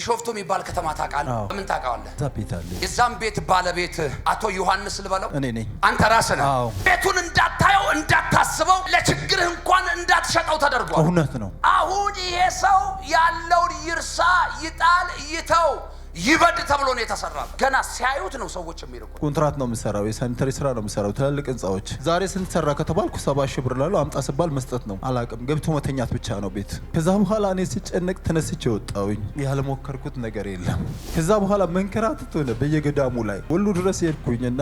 ቢሾፍቱ የሚባል ከተማ ታውቃለህ? ምን ታውቃለህ? የዛም ቤት ባለቤት አቶ ዮሐንስ ልበለው እኔ ነኝ። አንተ ራስህ ነህ። ቤቱን እንዳታየው እንዳታስበው፣ ለችግርህ እንኳን እንዳትሸጠው ተደርጓል። እውነት ነው። አሁን ይሄ ሰው ያለውን ይርሳ፣ ይጣል፣ ይተው ይበድ ተብሎ ነው የተሰራ። ገና ሲያዩት ነው ሰዎች የሚርቁት። ኮንትራት ነው የምሰራው፣ የሳኒተሪ ስራ ነው የምሰራው፣ ትላልቅ ህንፃዎች። ዛሬ ስንት ሰራ ከተባልኩ ሰባ ሺህ ብር ላለው አምጣ ስባል መስጠት ነው አላቅም። ገብቶ መተኛት ብቻ ነው ቤት። ከዛ በኋላ እኔ ስጨነቅ ተነስቼ ወጣሁኝ። ያልሞከርኩት ነገር የለም። ከዛ በኋላ መንከራተት ሆነ። በየገዳሙ ላይ ወሎ ድረስ ሄድኩኝና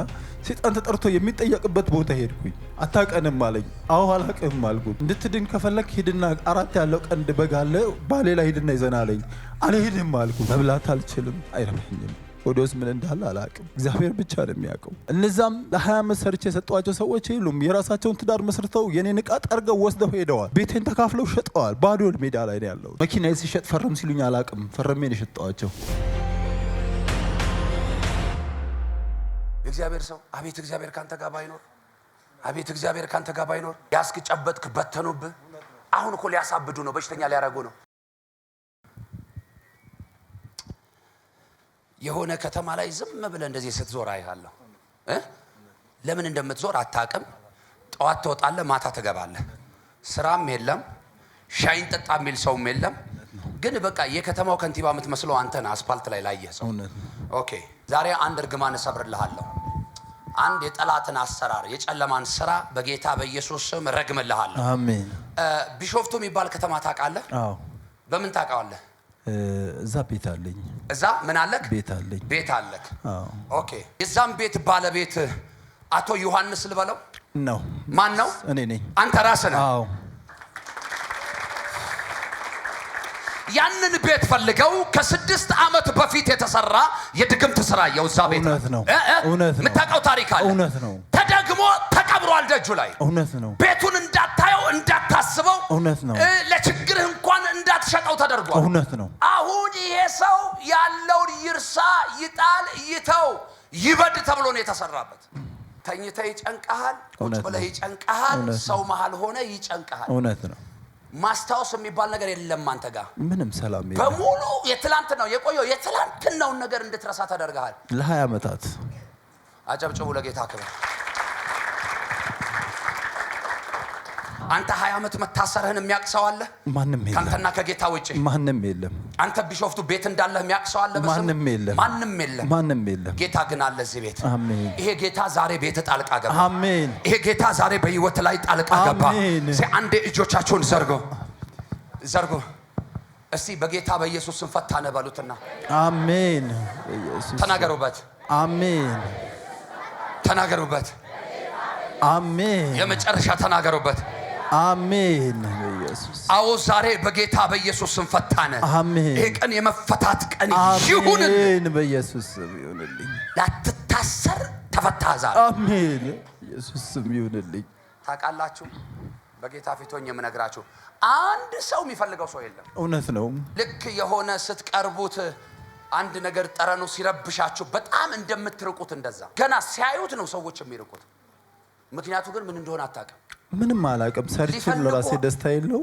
ሴጣን ተጠርቶ የሚጠየቅበት ቦታ ሄድኩኝ። አታቀንም አለኝ። አሁ አላቅም አልኩት። እንድትድን ከፈለግ ሂድና አራት ያለው ቀንድ በግ አለ ባሌ ላይ ሂድና ይዘና አለኝ። አልሄድም አልኩ። መብላት አልችልም፣ አይረብኝም። ወደስ ምን እንዳለ አላቅም። እግዚአብሔር ብቻ ነው የሚያውቀው። እነዛም ለሀያ 20 ዓመት ሰርቼ የሰጧቸው ሰዎች የሉም። የራሳቸውን ትዳር መስርተው የኔ ንቃት አርገው ወስደው ሄደዋል። ቤቴን ተካፍለው ሸጠዋል። ባዶ ሜዳ ላይ ነው ያለው። መኪና ሲሸጥ ፈረም ሲሉኝ አላቅም። ፈረሜን የሸጠዋቸው እግዚአብሔር ሰው አቤት፣ እግዚአብሔር ካንተ ጋር ባይኖር አቤት እግዚአብሔር ካንተ ጋር ባይኖር ያስክ በተኑብህ። አሁን እኮ ሊያሳብዱ ነው፣ በሽተኛ ሊያረጉ ነው። የሆነ ከተማ ላይ ዝም ብለህ እንደዚህ ስትዞር አይሃለሁ። ለምን እንደምትዞር አታቅም ጠዋት ትወጣለህ፣ ማታ ትገባለህ። ስራም የለም፣ ሻይን ጠጣ የሚል ሰውም የለም። ግን በቃ የከተማው ከንቲባ የምትመስለው አንተ አስፓልት ላይ ላየህ ሰው ኦኬ፣ ዛሬ አንድ እርግማን እሰብርልሃለሁ አንድ የጠላትን አሰራር የጨለማን ስራ በጌታ በኢየሱስ ስም ረግምልሃለሁ። አሜን። ቢሾፍቱ የሚባል ከተማ ታውቃለህ? አዎ። በምን ታውቃለህ? እዛ ቤት አለኝ። እዛ ምን አለክ? ቤት አለኝ። ቤት አለክ? አዎ። ኦኬ። የዛም ቤት ባለቤት አቶ ዮሐንስ ልበለው ነው? ማን ነው? እኔ ነኝ። አንተ ራስህ ነህ? አዎ ያንን ቤት ፈልገው ከስድስት ዓመት በፊት የተሰራ የድግምት ስራ የው እዛ ቤት የምታውቀው ታሪክ አለ። እውነት ነው። ተደግሞ ተቀብሯል ደጁ ላይ። እውነት ነው። ቤቱን እንዳታየው እንዳታስበው። እውነት ነው። ለችግርህ እንኳን እንዳትሸጠው ተደርጓል። እውነት ነው። አሁን ይሄ ሰው ያለውን ይርሳ፣ ይጣል፣ ይተው፣ ይበድ ተብሎ ነው የተሰራበት። ተኝተ ይጨንቀሃል፣ ቁጭ ብለህ ይጨንቀሃል፣ ሰው መሃል ሆነ ይጨንቀሃል። እውነት ነው። ማስታወስ የሚባል ነገር የለም። አንተ ጋር ምንም ሰላም የለም። በሙሉ የትላንት ነው የቆየው። የትላንትናውን ነገር እንድትረሳ ተደርገሃል። ለሀያ ዓመታት አጨብጭቡ ለጌታ ክብር። አንተ ሀያ ዓመት መታሰርህን የሚያውቅ አለ? ማንም የለም። ካንተና ከጌታ ውጭ ማንም የለም። አንተ ቢሾፍቱ ቤት እንዳለህ የሚያውቅ አለ? ማንም የለም። ማንም የለም። ማንም የለም። ጌታ ግን አለ እዚህ ቤት። አሜን። ይሄ ጌታ ዛሬ ቤት ጣልቃ ገባ። አሜን። ይሄ ጌታ ዛሬ በህይወት ላይ ጣልቃ ገባ። አሜን። አንዴ እጆቻቸውን ዘርጎ ዘርጎ እስቲ በጌታ በኢየሱስ ስንፈታ ፈታነ አሜን። ተናገሩበት። አሜን። ተናገሩበት። አሜን። የመጨረሻ ተናገሩበት። አሜን። አዎ ዛሬ በጌታ በኢየሱስ ስም አሜን። ይሄ ቀን የመፈታት ቀን ይሁን። በኢየሱስ ስም ይሁንልኝ። ላትታሰር ተፈታ ዛሬ። አሜን። ኢየሱስ ስም ይሁንልኝ። ታውቃላችሁ በጌታ ፊት የምነግራችሁ አንድ ሰው የሚፈልገው ሰው የለም። እውነት ነው። ልክ የሆነ ስትቀርቡት አንድ ነገር ጠረኑ ሲረብሻችሁ በጣም እንደምትርቁት እንደዛ ገና ሲያዩት ነው ሰዎች የሚርቁት። ምክንያቱ ግን ምን እንደሆነ አታውቅም። ምንም አላውቅም። ሰርቼም ለራሴ ደስታ የለው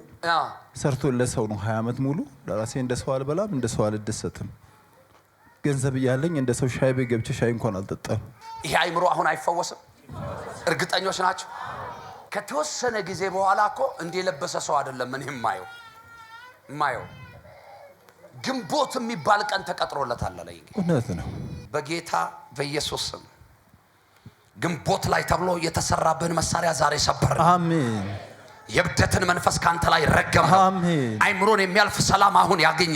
ሰርቶ ለሰው ነው። ሀያ ዓመት ሙሉ ለራሴ እንደ ሰው አልበላም፣ እንደ ሰው አልደሰትም። ገንዘብ እያለኝ እንደ ሰው ሻይ ቤት ገብቼ ሻይ እንኳን አልጠጣም። ይሄ አይምሮ አሁን አይፈወስም። እርግጠኞች ናቸው። ከተወሰነ ጊዜ በኋላ እኮ እንደ የለበሰ ሰው አይደለም። እኔ የማየው የማየው ግንቦት የሚባል ቀን ተቀጥሮለታል እውነት ነው። በጌታ በኢየሱስ ስም ግንቦት ላይ ተብሎ የተሰራብህን መሳሪያ ዛሬ ሰበር። አሜን። የብደትን መንፈስ ካንተ ላይ ረገም። አይምሮን የሚያልፍ ሰላም አሁን ያገኘ።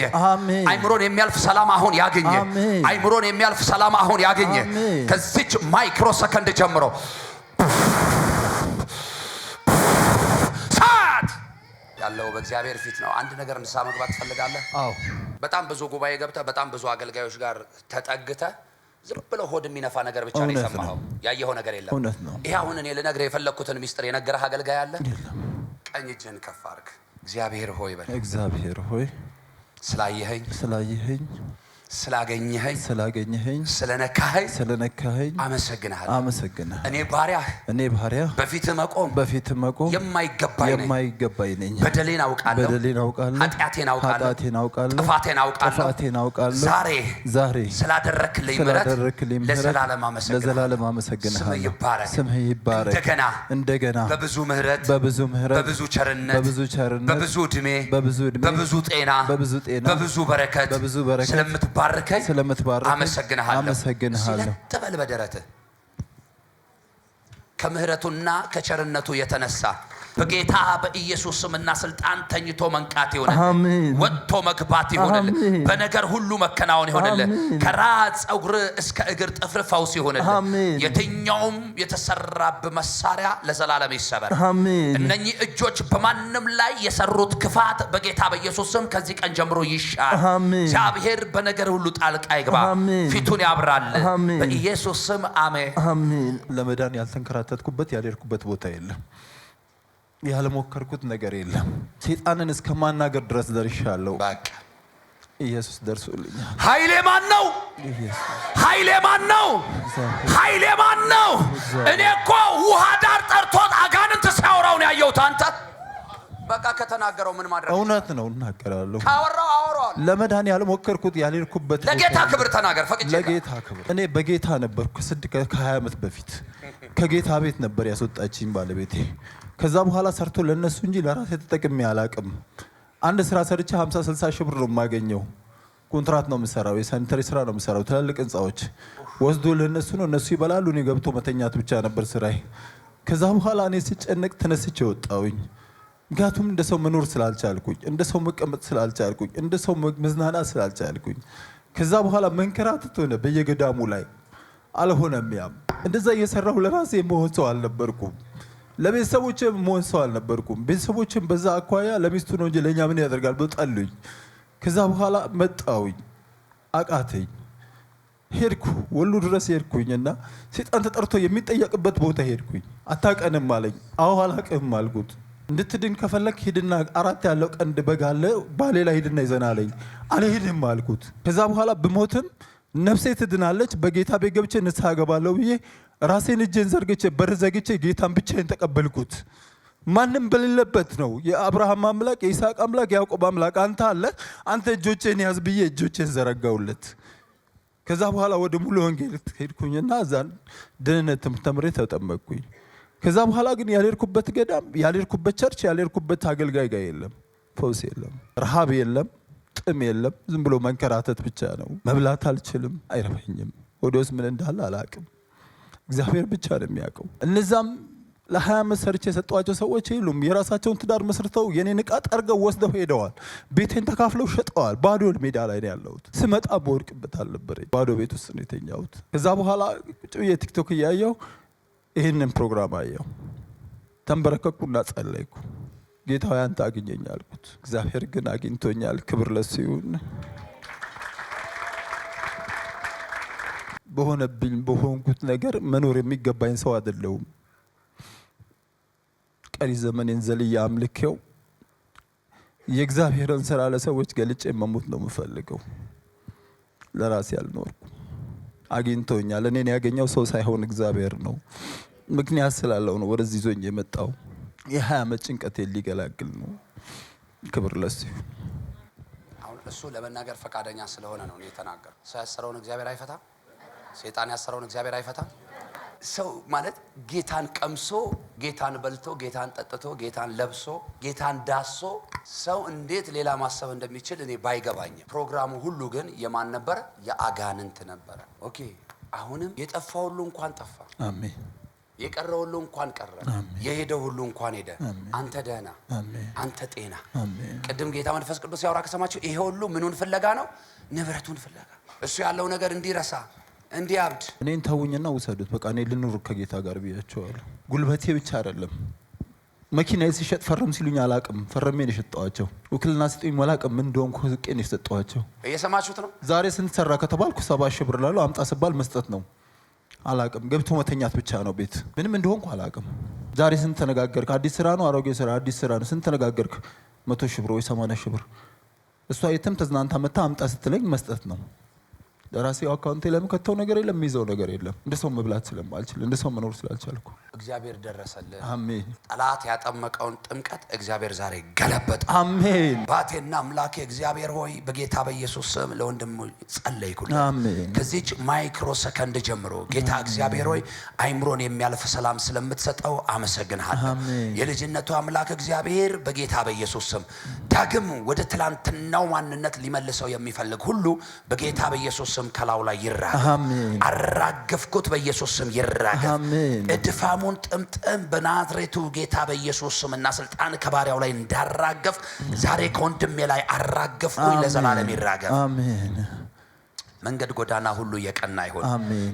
አይምሮን የሚያልፍ ሰላም አሁን ያገኘ። አይምሮን የሚያልፍ ሰላም አሁን ያገኘ። ከዚች ማይክሮ ሰከንድ ጀምሮ ሰዓት ያለው በእግዚአብሔር ፊት ነው። አንድ ነገር እንሳ መግባት ትፈልጋለህ? በጣም ብዙ ጉባኤ ገብተ በጣም ብዙ አገልጋዮች ጋር ተጠግተ። ዝም ብሎ ሆድ የሚነፋ ነገር ብቻ ነው የሰማኸው። ያየኸው ነገር የለም። እውነት ነው። ይህ አሁን እኔ ልነግርህ የፈለግኩትን ሚስጥር የነገረህ አገልጋይ አለ? ቀኝ እጅህን ከፍ አድርግ። እግዚአብሔር ሆይ በል። እግዚአብሔር ሆይ ስላየኸኝ ስላየኸኝ ስላገኘኸኝ ስላገኘኸኝ ስለነካኸኝ ስለነካኸኝ አመሰግናለሁ አመሰግናለሁ። እኔ ባሪያህ እኔ ባሪያህ በፊት መቆም በፊት መቆም የማይገባኝ የማይገባኝ ነኝ። በደሌን አውቃለሁ በደሌን አውቃለሁ። ኃጢአቴን አውቃለሁ ኃጢአቴን አውቃለሁ። ጥፋቴን አውቃለሁ ጥፋቴን አውቃለሁ። ዛሬ ዛሬ ስላደረክልኝ ምሕረት ስላደረክልኝ ምሕረት ለዘላለም አመሰግናለሁ ለዘላለም አመሰግናለሁ። ስምህ ይባረክ ስምህ ይባረክ። እንደገና እንደገና በብዙ ምሕረት በብዙ ምሕረት በብዙ ቸርነት በብዙ ቸርነት በብዙ ዕድሜ በብዙ ዕድሜ በብዙ ጤና በብዙ ጤና በብዙ በረከት በብዙ በረከት ስለምት ስለምትባርከኝ አመሰግናለሁ። ስለጥበል በደረትህ ከምህረቱና ከቸርነቱ የተነሳ በጌታ በኢየሱስ ስምና ስልጣን ተኝቶ መንቃት ይሆንልህ፣ ወጥቶ መግባት ይሆንል፣ በነገር ሁሉ መከናወን ይሆንል፣ ከራስ ፀጉር እስከ እግር ጥፍር ፈውስ ይሆንልህ። የትኛውም የተሰራብ መሳሪያ ለዘላለም ይሰበር። እነኚህ እጆች በማንም ላይ የሰሩት ክፋት በጌታ በኢየሱስ ስም ከዚህ ቀን ጀምሮ ይሻል። እግዚአብሔር በነገር ሁሉ ጣልቃ ይግባ፣ ፊቱን ያብራል። በኢየሱስ ስም አሜን። ለመዳን ያልተንከራተትኩበት ያልሄድኩበት ቦታ የለም። ያልሞከርኩት ነገር የለም። ሴጣንን እስከ ማናገር ድረስ ደርሻለሁ። ኢየሱስ ደርሶልኛል። ኃይሌ ማን ነው? ኃይሌ ማን ነው? ኃይሌ ማን ነው? እኔ እኮ ውሃ ዳር ጠርቶት አጋንንት ሲያወራውን ያየሁት አንተ በቃ ከተናገረው ምን ማድረግ እውነት ነው እናገራለሁ ካወራው ለመዳን ሞከርኩት ያልሄድኩበት ለጌታ ክብር ተናገር። ፈቅጄ ለጌታ ክብር እኔ በጌታ ነበርኩ። ስድ ከ20 ዓመት በፊት ከጌታ ቤት ነበር ያስወጣችኝ ባለቤቴ። ከዛ በኋላ ሰርቶ ለነሱ እንጂ ለራሴ ተጠቅሜ አላቅም። አንድ ስራ ሰርቼ 50 60 ሺህ ብር ነው የማገኘው። ኮንትራት ነው የምሰራው፣ የሳኒታሪ ስራ ነው የምሰራው። ትላልቅ ህንፃዎች ወስዶ ለነሱ ነው፣ እነሱ ይበላሉ። እኔ ገብቶ መተኛት ብቻ ነበር ስራዬ። ከዛ በኋላ እኔ ስጨነቅ ተነስቼ ወጣውኝ። ምክንያቱም እንደ ሰው መኖር ስላልቻልኩኝ፣ እንደ ሰው መቀመጥ ስላልቻልኩኝ፣ እንደ ሰው መዝናናት ስላልቻልኩኝ ከዛ በኋላ መንከራተት ሆነ በየገዳሙ ላይ አልሆነም። ያም እንደዛ እየሰራሁ ለራሴ መሆን ሰው አልነበርኩም። ለቤተሰቦች መሆን ሰው አልነበርኩም። ቤተሰቦችን በዛ አኳያ ለሚስቱ ነው እንጂ ለእኛ ምን ያደርጋል በጣሉኝ። ከዛ በኋላ መጣውኝ፣ አቃተኝ፣ ሄድኩ ወሎ ድረስ ሄድኩኝ እና ሴጣን ተጠርቶ የሚጠየቅበት ቦታ ሄድኩኝ። አታቀንም አለኝ። አዎ አላቅም አልኩት። እንድትድን ከፈለግ ሂድና አራት ያለው ቀንድ በግ አለ ባሌ ሂድና ይዘና አለኝ። አልሄድም አልኩት። ከዛ በኋላ ብሞትም ነፍሴ ትድናለች፣ በጌታ ቤት ገብቼ ንስሐ ብዬ ራሴን እጄን ዘርግቼ በር ዘግቼ ጌታን ብቻዬን ተቀበልኩት። ማንም በሌለበት ነው። የአብርሃም አምላክ የይስሐቅ አምላክ የያዕቆብ አምላክ አንተ አለ፣ አንተ እጆቼን ያዝ ብዬ እጆቼን ዘረጋውለት። ከዛ በኋላ ወደ ሙሉ ወንጌል ሄድኩኝና እዛን ድህነት ትምህርት ተምሬ ተጠመቅኩኝ። ከዛ በኋላ ግን ያልሄድኩበት ገዳም፣ ያልሄድኩበት ቸርች፣ ያልሄድኩበት አገልጋይ ጋር የለም። ፈውስ የለም፣ ረሃብ የለም፣ ጥም የለም። ዝም ብሎ መንከራተት ብቻ ነው። መብላት አልችልም፣ አይረበኝም። ወደ ውስጥ ምን እንዳለ አላቅም። እግዚአብሔር ብቻ ነው የሚያውቀው። እነዛም ለሀያ ዓመት ሰርቼ ሰዎች የሉም። የራሳቸውን ትዳር መስርተው የኔ ንቃት ጠርገው ወስደው ሄደዋል። ቤቴን ተካፍለው ሸጠዋል። ባዶ ሜዳ ላይ ነው ያለሁት። ስመጣ በወድቅበት አልነበረ ባዶ ቤት ውስጥ ነው የተኛሁት። ከዛ በኋላ ጭ የቲክቶክ እያየው ይህንን ፕሮግራም አየው። ተንበረከኩና ጸለይኩ። ጌታ ሆይ አንተ አግኘኝ አልኩት። እግዚአብሔር ግን አግኝቶኛል። ክብር ለሱ ይሁን። በሆነብኝ በሆንኩት ነገር መኖር የሚገባኝ ሰው አይደለሁም። ቀሪ ዘመኔን ዘልዬ አምልኬው የእግዚአብሔርን ስራ ለሰዎች ገልጬ መሞት ነው የምፈልገው። ለራሴ አልኖርኩም። አግኝቶኛል። እኔን ያገኘው ሰው ሳይሆን እግዚአብሔር ነው። ምክንያት ስላለው ነው ወደዚህ ይዞኝ የመጣው። የሀያ ዓመት ጭንቀቴን ሊገላግል ነው። ክብር ለሱ። አሁን እሱ ለመናገር ፈቃደኛ ስለሆነ ነው የተናገር። ሰው ያሰረውን እግዚአብሔር አይፈታ፣ ሴጣን ያሰረውን እግዚአብሔር አይፈታ። ሰው ማለት ጌታን ቀምሶ ጌታን በልቶ ጌታን ጠጥቶ ጌታን ለብሶ ጌታን ዳሶ ሰው እንዴት ሌላ ማሰብ እንደሚችል እኔ ባይገባኝም ፕሮግራሙ ሁሉ ግን የማን ነበረ? የአጋንንት ነበረ። ኦኬ አሁንም የጠፋ ሁሉ እንኳን ጠፋ፣ አሜን። የቀረ ሁሉ እንኳን ቀረ፣ የሄደ ሁሉ እንኳን ሄደ። አንተ ደህና፣ አንተ ጤና። ቅድም ጌታ መንፈስ ቅዱስ ያወራ ከሰማችሁ ይሄ ሁሉ ምኑን ፍለጋ ነው? ንብረቱን ፍለጋ እሱ ያለው ነገር እንዲረሳ እንዲያብድ እኔን ተውኝና ውሰዱት፣ በቃ እኔ ልኑር ከጌታ ጋር ብያቸዋለሁ። ጉልበቴ ብቻ አይደለም መኪና ሲሸጥ ፈረም ሲሉኝ አላቅም፣ ፈረሜ ነው የሸጠዋቸው። ውክልና ስጡኝ መላቅም እንደሆንኩ ዝቄ ነው የሰጠዋቸው። እየሰማችሁት ነው። ዛሬ ስንሰራ ከተባልኩ ሰባ ሺህ ብር ላሉ አምጣ ስባል መስጠት ነው። አላቅም፣ ገብቶ መተኛት ብቻ ነው ቤት። ምንም እንደሆንኩ አላቅም። ዛሬ ስንት ተነጋገርክ? አዲስ ስራ ነው አሮጌ ስራ? አዲስ ስራ ነው። ስንት ተነጋገርክ? መቶ ሺህ ብር ወይ ሰማንያ ሺህ ብር። እሷ የትም ተዝናንታ መታ አምጣ ስትለኝ መስጠት ነው። ራሴ አካውንቴ ለምከተው ነገር የለም፣ የሚይዘው ነገር የለም። እንደ ሰው መብላት ስለማልችል፣ እንደ ሰው መኖር ስላልቻልኩ እግዚአብሔር ደረሰልን። አሜን። ጠላት ያጠመቀውን ጥምቀት እግዚአብሔር ዛሬ ገለበጠ። አሜን። ባቴና አምላኬ እግዚአብሔር ሆይ በጌታ በኢየሱስ ስም ለወንድም ጸለይኩለት። አሜን። ከዚች ማይክሮ ሰከንድ ጀምሮ ጌታ እግዚአብሔር ሆይ አይምሮን የሚያልፍ ሰላም ስለምትሰጠው አመሰግንሃለሁ። የልጅነቱ አምላክ እግዚአብሔር በጌታ በኢየሱስ ስም ዳግም ወደ ትላንትናው ማንነት ሊመልሰው የሚፈልግ ሁሉ በጌታ በኢየሱስ ስም ስም ከላው ላይ ይራገፍ። አራገፍኩት በኢየሱስ ስም ይራገፍ። እድፋሙን ጥምጥም በናዝሬቱ ጌታ በኢየሱስ ስም እና ስልጣን ከባሪያው ላይ እንዳራገፍ ዛሬ ከወንድሜ ላይ አራገፍኩኝ። ለዘላለም ይራገፍ። መንገድ ጎዳና ሁሉ የቀና ይሁን።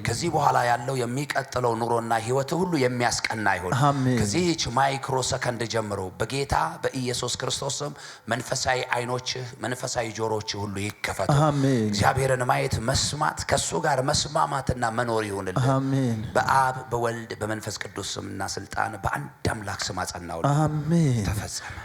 ከዚህ በኋላ ያለው የሚቀጥለው ኑሮና ህይወት ሁሉ የሚያስቀና ይሁን። ከዚህች ማይክሮ ሰከንድ ጀምሮ በጌታ በኢየሱስ ክርስቶስም መንፈሳዊ አይኖችህ፣ መንፈሳዊ ጆሮችህ ሁሉ ይከፈቱ። እግዚአብሔርን ማየት፣ መስማት፣ ከሱ ጋር መስማማትና መኖር ይሁንልን። በአብ በወልድ በመንፈስ ቅዱስ ስምና ስልጣን በአንድ አምላክ ስም አጸናውልን። ተፈጸመ።